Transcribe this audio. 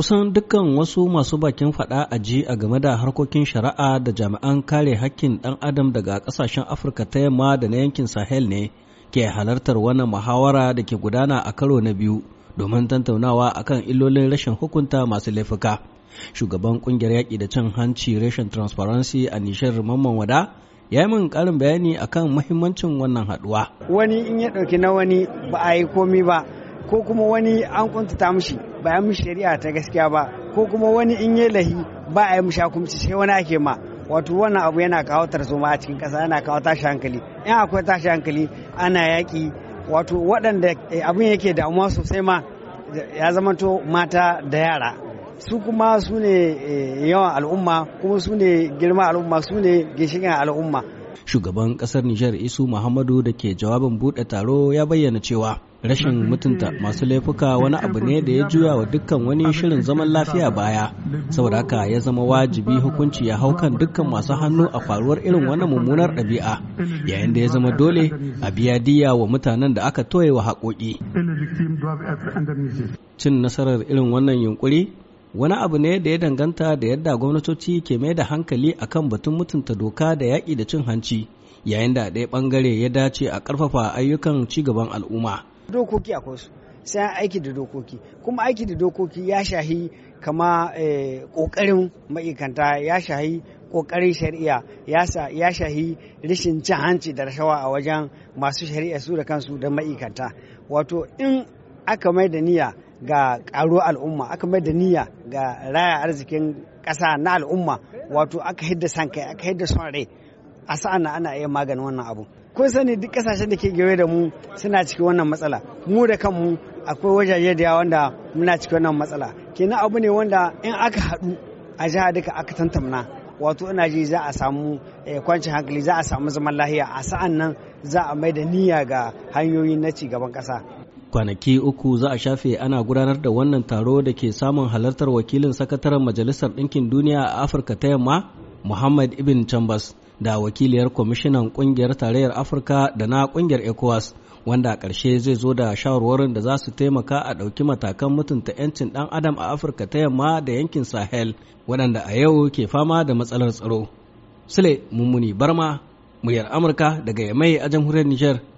kusan dukkan wasu masu bakin faɗa a ji a game da harkokin shari'a da jami'an kare hakkin ɗan adam daga ƙasashen afirka ta yamma da na yankin sahel ne ke halartar wannan muhawara da ke gudana a karo na biyu domin tantaunawa akan illolin rashin hukunta masu laifuka shugaban kungiyar yaƙi da cin hanci rashin transparency a nishar mamman wada ya yi min ƙarin bayani akan mahimmancin wannan haɗuwa wani in ya ɗauki na wani ba a yi komi ba ko kuma wani an kuntata mishi ba a mishi shari'a ta gaskiya ba ko kuma wani in yi lahi ba a yi mishi hukunci sai wani ake ma wato wannan abu yana kawo tarzoma a cikin kasa yana kawo tashi hankali in akwai tashi hankali ana yaƙi wato waɗanda eh, abin yake damuwa sosai ma ya to mata da yara su kuma su ne eh, yawan al'umma kuma su ne girma al'umma su ne ginshiƙin al'umma shugaban ƙasar nijar isu muhammadu da ke jawabin buɗe taro ya bayyana cewa rashin mutunta masu laifuka wani abu ne da ya juya wa dukkan wani shirin zaman lafiya baya saboda haka ya zama wajibi hukunci ya hau kan dukkan masu hannu a faruwar irin wannan mummunar ɗabi'a yayin da ya zama dole a biya diya wa mutanen da aka toye wa haƙoƙi cin nasarar irin wannan yunkuri wani abu ne da ya danganta da yadda gwamnatoci ke mai da hankali akan batun mutunta doka da yaƙi da cin hanci yayin da ɗaya ɓangare ya dace a ƙarfafa ayyukan cigaban al'umma dokoki akwai su sai aiki da dokoki kuma aiki da dokoki ya shahi kama kokarin eh, ma'aikanta ya shahi kokarin shari'a ya shahi rashin cin hanci da rashawa a wajen masu shari'a su da kansu da ma'aikanta wato in aka mai da niyya ga karo al'umma aka mai da niyya ga raya arzikin kasa na al'umma wato aka hidda san aka hidda son rai a sa'an ana iya maganin wannan abu kun sani duk kasashen da ke gewe da mu suna cikin wannan matsala mu da kanmu akwai wajaje da yawa wanda muna cikin wannan matsala kenan abu ne wanda in aka haɗu a jiha duka aka tantamna wato ina ji za a samu eh, kwancin hankali za a samu zaman lahiya a sa'an nan za a mai da niyya ga hanyoyi na ci gaban ƙasa kwanaki uku za a shafe ana gudanar da wannan taro da ke samun halartar wakilin sakataren majalisar ɗinkin duniya a afirka ta yamma muhammad ibn chambers da wakiliyar kwamishinan kungiyar tarayyar afirka da na kungiyar ecowas wanda a ƙarshe zai zo da shawarwarin da za su taimaka a ɗauki matakan mutunta 'yancin ɗan adam a afirka ta yamma da yankin sahel waɗanda a yau ke fama da matsalar tsaro sule mummuni barma muryar amurka daga yamai a jamhuriyar Nijar.